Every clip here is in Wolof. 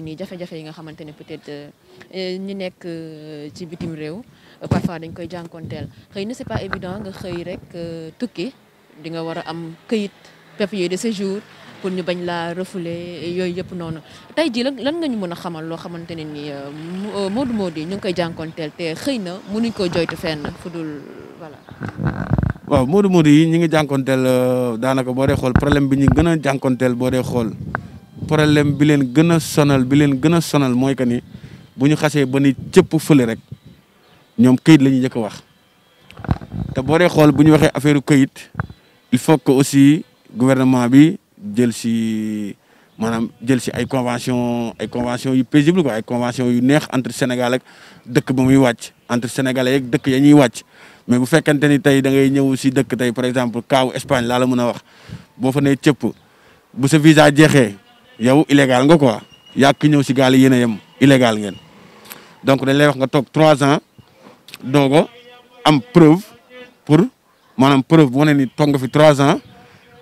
nekk nii jafe-jafe yi nga xamante ne peut-être euh, ñi nekk euh, ci bitim réew euh, parfois dañ koy jànkoonteel xëy na c'est pas évident nga xëy rek tukki di nga war a am këyit papier de séjour pour ñu bañ laa refoulé yooyu yëpp noonu tey jii lan lan nga ñu mën a xamal loo xamante ne nii Modou Modou yi ñu ngi koy jànkonteel te xëy na mënuñ koo joytu fenn fu dul voilà. waaw Modou yi ñu ngi jànkonteel daanaka boo dee xool problème bi ñu gën a jànkonteel boo dee xool. problème bi leen gën a sonal bi leen gën a sonal mooy que ni bu ñu xasee ba ni cëpp fële rek ñoom këyit la ñuy njëkk a wax te boo dee xool bu ñu waxee affaire këyit il faut que aussi gouvernement bi jël si maanaam jël si ay convention ay yu paisible quoi ay convention yu neex entre sénégalek dëkk ba muy wàcc entre sénégalais dëkk ya ñuy wàcc mais bu fekkente ni tey da ngay ñëw si dëkk tey par exemple kaaw Espagne laa la mën a wax boo fa nee cëpp bu sa visa jeexee. yow illégal nga quoi yaa ki ñëw si gaal yi yéen a yem illégal ngeen donc dañ lay wax nga toog trois ans doogo am preuve pour maanaam preuve wane ni toog nga fi trois ans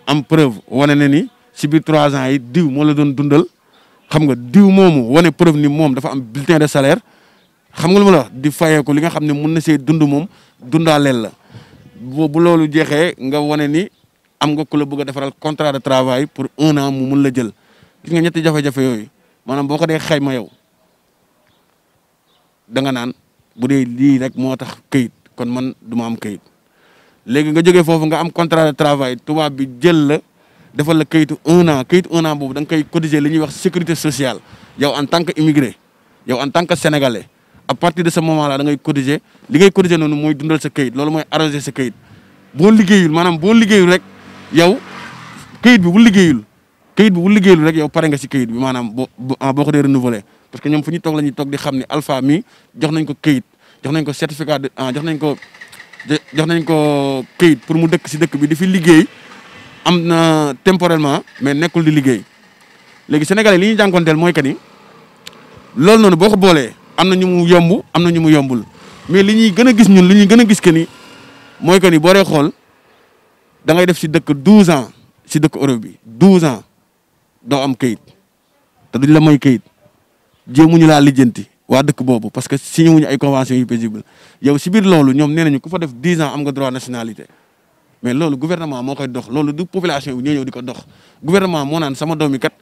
am preuve wane ne ni si biir trois ans yi diw moo la doon dundal xam nga diw moomu wane preuve ni moom dafa am bulletin de salaire xam nga lu ma la wax di fayeeku li nga xam ne mun na see dund moom dundaaleel la boo bu loolu jeexee nga wane ni am nga ku la bëgg defaral contrat de travail pour un an mu mun la jël gis nga ñetti jafe-jafe yooyu maanaam boo ko dee xayma yow da nga naan bu dee lii rek moo tax këyit kon man du ma am këyit léegi nga jógee foofu nga am contrat de travail tubaab bi jël la defal la këyitu un an këyitu un an boobu da nga koy cotiser li ñuy wax sécurité sociale yow en tant que immigré yow en tant que sénégalais à partir de ce moment dangay da ngay cotiser li ngay cotiser noonu mooy dundal sa këyit loolu mooy arroser sa këyit boo liggéeyul maanaam boo liggéeyul rek yow këyit bi bu liggéeyul. kayit bi bu liggéeyul rek yow pare nga si kayit bi maanaam boo ah, boo ko dee renouveler parce que ñoom fu ñu toog la ñuy toog di xam ne alpha mi jox nañ ko kayit jox nañ ko certificat de ah, jox nañ ko jox nañ ko kayit pour mu dëkk si dëkk bi di fi liggéey am na temporairement mais nekkul di liggéey léegi sénégalais li ñu jànkonteel mooy que ni loolu noonu boo ko boolee am na ñu mu yomb am na ñu mu yombul mais li ñuy gën a gis ñun li ñuy gën a gis que ni mooy que ni boo dee xool da def si dëkk 12 ans si dëkk Europe bi 12 ans. doo am kayit te duñ la may kayit jéemuñu laa lijjanti waa dëkk boobu parce que signé wuñu ay convention yu paisible yow si biir loolu ñoom nee ñu ku fa def dix ans am nga droit nationalité mais loolu gouvernement moo koy dox loolu du population bi ñoo ñëw di ko dox gouvernement moo naan sama doom kat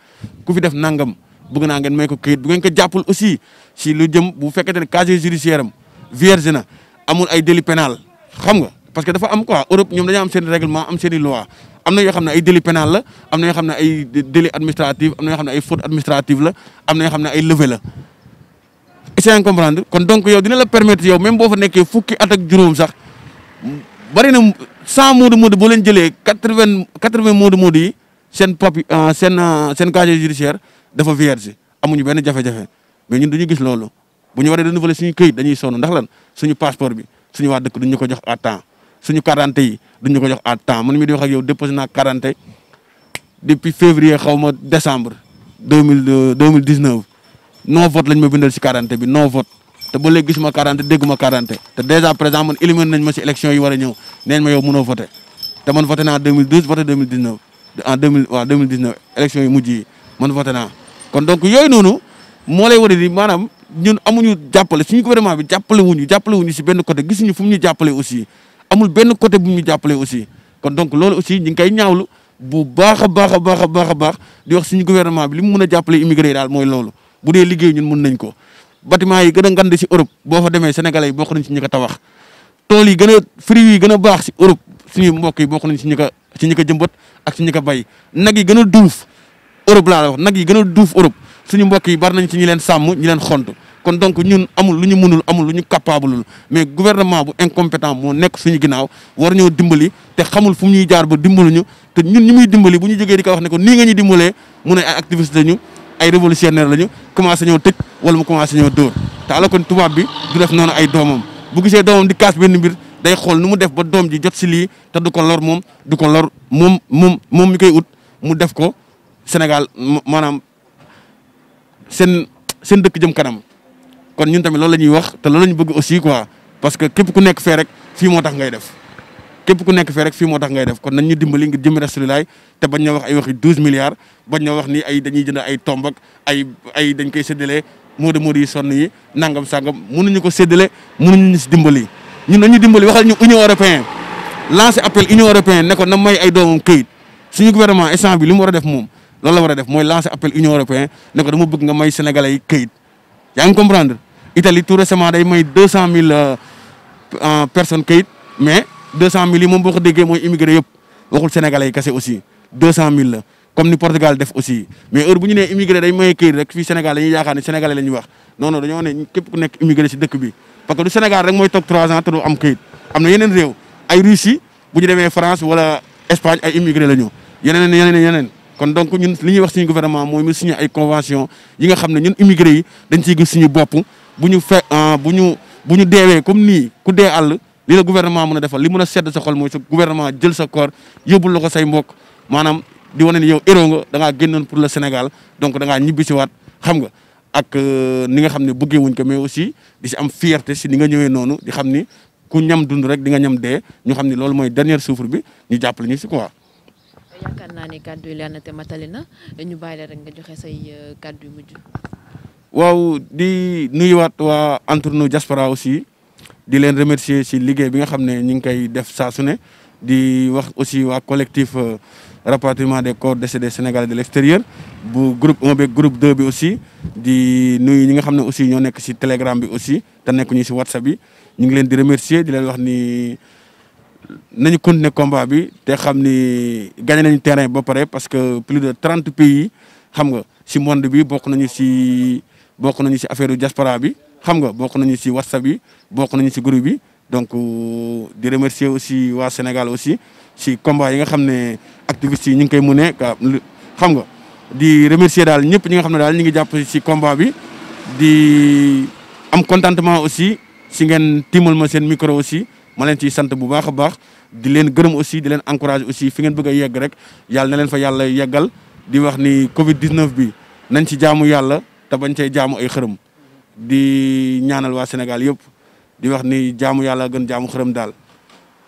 ku fi def nangam bëgg naa ngeen may ko kayit bu ngeen ko jàppul aussi si lu jëm bu fekkente ne casier judiciaire am vierge na amul ay délit pénal xam nga parce que dafa am quoi ñoom dañoo am seen règlement am seen i loi am na yoo xam ne ay délit pénal la am na yoo xam ne ay délit administratif am na yoo xam ne ay faute administrative la am na yoo xam ne ay levée la essayant comprendre kon donc yow dina la permettre yow même boo fa nekkee fukki at juróom sax bari na cent moodu moodu boo leen jëlee quatre vingt quatre vingt moodu moodu yi seen papi euh, seen euh, seen casier judiciaire dafa vierge amuñu benn jafe mais ñun duñu gis loolu bu ñu waree renouveler suñu këyit dañuy sonn ndax lan suñu passeport bi suñu waa dëkk ñu ko jox à temps suñu quarante yi duñu ko jox à temps man mii di wax ak yow déposé naa quarante depuis février xaw ma décembre deux mille euh, deux mille dix neuf non vote lañ ma bindal si quarante bi non vote te ba léegi gisuma quarante dégguma quarante te dèjà présent man éliminé nañ ma si élection yi war a ñëw ma yow mënoo voté te man voté naa en deux mille douze voté deux mille dix neuf en deux mille waaw deux mille dix neuf élection yi mujj yi man voté naa kon donc yooyu noonu moo lay war a di maanaam ñun amuñu jàppale suñu gouvernement bi jàppale wuñu jàppale wuñu si benn côté gisuñu fu mu ñu jàppale aussi amul benn côté bu ñu jàppalee aussi kon donc loolu aussi ñu ngi koy ñaawlu bu baax a baax a baax a baax a baax di wax suñu gouvernement bi li mu mën a jàppalee immigré daal mooy loolu bu dee liggéey ñun mën nañ ko bâtiment yi gën a ngand si Europe boo fa demee sénégalais yi bokk nañ si ñi ko tabax tool yi gën a fruits yi gën a baax si Europe suñu mbokk yi bokk nañ si ñi ko si ñi ko jëmbat ak si ñi ko bay nag yi gën a duuf Europe laa la wax nag yi gën a duuf Europe suñu mbokk yi bari nañ si ñi leen sàmm ñi leen xont kon donc ñun amul lu ñu mënul amul lu ñu capableul mais gouvernement bu incompétent moo nekk suñu ginnaaw war ñoo dimbali te xamul fu mu ñuy jaar ba ñu te ñun ñu muy dimbali bu ñu jógee di ko wax ne ko nii nga ñu dimbalee mu ne ay activiste lañu ay révolutionnaire lañu commencé ñoo tëj wala mu commencé ñoo dóor te ala kon tubaab bi du def noonu ay doomam bu gisee doomam di kaas benn mbir day xool nu mu def ba doom ji jot si lii te du ko lor moom du ko lor moom moom moom mi koy ut mu def ko Sénégal maanaam seen seen dëkk jëm kanam kon ñun tamit loolu la ñuy wax te loolu la ñu bëgg aussi quoi parce que képp ku nekk fee rek fii moo tax ngay def képp ku nekk fee rek fii moo tax ngay def kon nañ ñu dimbali ngir jëm rasulilaay te bañ na wax ay waxi douze milliards bañ na wax ni ay dañuy jënd ay tombak ay ay dañ koy séddale moodu moodu yi sonn yi nangam sangam mënuñu ko séddale mënuñu dimbali ñun nañu dimbali waxal ñu union européenne lancé appel union européenne ne ko na may ay doomam këyit suñu gouvernement li mu war a def moom loolu la war a mooy lancé appel union européenne ne ko dama bëgg nga may sénégalais yi këyit yaa ngi comprendre Italie tout récemment day may deux cent mille euh, euh, personnes kayit mais deux cent mille yi moom boo ko mooy immigré yëpp waxul sénégalais yi kese aussi deux cent comme ni Portugal def aussi mais heure bu ñu nee immigré day may kayit rek fii Sénégal dañuy yaakaar wax non non dañoo ne képp ku nekk immigré bi parce que du Sénégal rek mooy toog trois ans te du am kayit am na yeneen réew ay Russie bu ñu demee France wala Espagne ay immigré la ñu yeneen yeneen yeneen kon donc ñun li ñuy wax suñu gouvernement mooy mu signé ay convention yi nga xam ne ñun immigré yi dañ ciy gis suñu bopp bu ñu fe ah, bu ñu bu ñu deewee comme nii ku dee àll li la gouvernement mën a defal li mën a sedd sa xol mooy sa gouvernement jël sa corps yóbbul la ko say mbokk maanaam di wane ni yow héros nga da génnoon pour le Sénégal donc da ngaa xam nga ak euh, ni nga xam ne bëggee wuñ ko mais aussi di si am fierté si ni nga ñëwee noonu di xam ni ku ñam dund rek di nga ñam dee ñu xam ni loolu mooy dernier souffle bi ñu jàppale ñu si quoi yaakaar naa ne kàddu yi leer na te matali na ñu bàyyi la rek nga joxe say euh, kàddu yu mujj. waaw di nuyuwaat waa entrenou diaspora aussi di leen remercier si liggéey bi nga xam ne ñu ngi koy def saa su ne di wax aussi waa collectif euh, rapatriement des corps décédés sénégalais de l'extérieur bu groupe 1 bi groupe 2 bi aussi di nuyu ñi nga xam ne aussi ñoo nekk si telegram bi aussi te nekk ñu ci whatsapp bi ñu ngi leen di remercier di leen wax ni. nañu continuer combat bi te xam ni gagné nañu terrain ba pare parce que plus de trente pays xam nga si monde bi bokk nañu si bokk nañu si affaire diaspora bi xam nga bokk nañu si whatsapp bi bokk nañu si groupe bi donc euh, di remercier aussi waa Sénégal aussi si combat yi nga xam ne activistes yi ñu ngi koy mënee xam nga di remercier daal ñëpp ñi nga xam ne daal ñu ngi jàpp si combat bi di am contentement aussi si ngeen tiimal ma seen micro aussi. ma leen ciy sant bu baax a baax di leen gërëm aussi di leen encourager aussi fi ngeen bëgg yegg rek yàlla na leen fa yàlla yeggal di wax ni Covid 19 bi nañ ci jaamu yàlla te bañ cay jaamu ay xërëm di ñaanal waa Sénégal yëpp di wax ni jaamu yàlla gën jaamu xërëm daal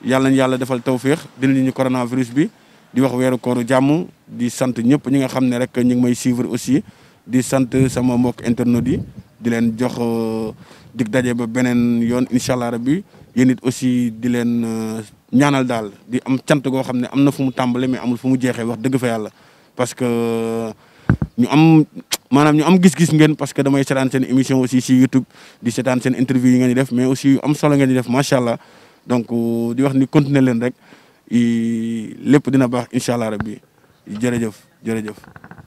yàlla nañ yàlla defal tawféex dinañu ñu coronavirus bi di wax weeru kooru jàmm di sant ñëpp ñi nga xam ne rek ñu ngi may suivre aussi di sant sama mbokk internautes yi di leen jox euh, dig daje ba beneen yoon incha allah bi yéen it di leen euh, ñaanal daal di am cant goo xam ne am na fu mu tàmbale mais amul fu mu jeexee wax dëgg fa yàlla parce que euh, ñu am maanaam ñu am gis-gis ngeen parce que damay seetaan seen émission aussi si YouTube di seetaan seen interview yi ngeen di def mais aussi am solo ngeen di def macha allah donc euh, di wax ni continuer leen rek lépp dina baax incha allah rabbi jërëjëf jërëjëf.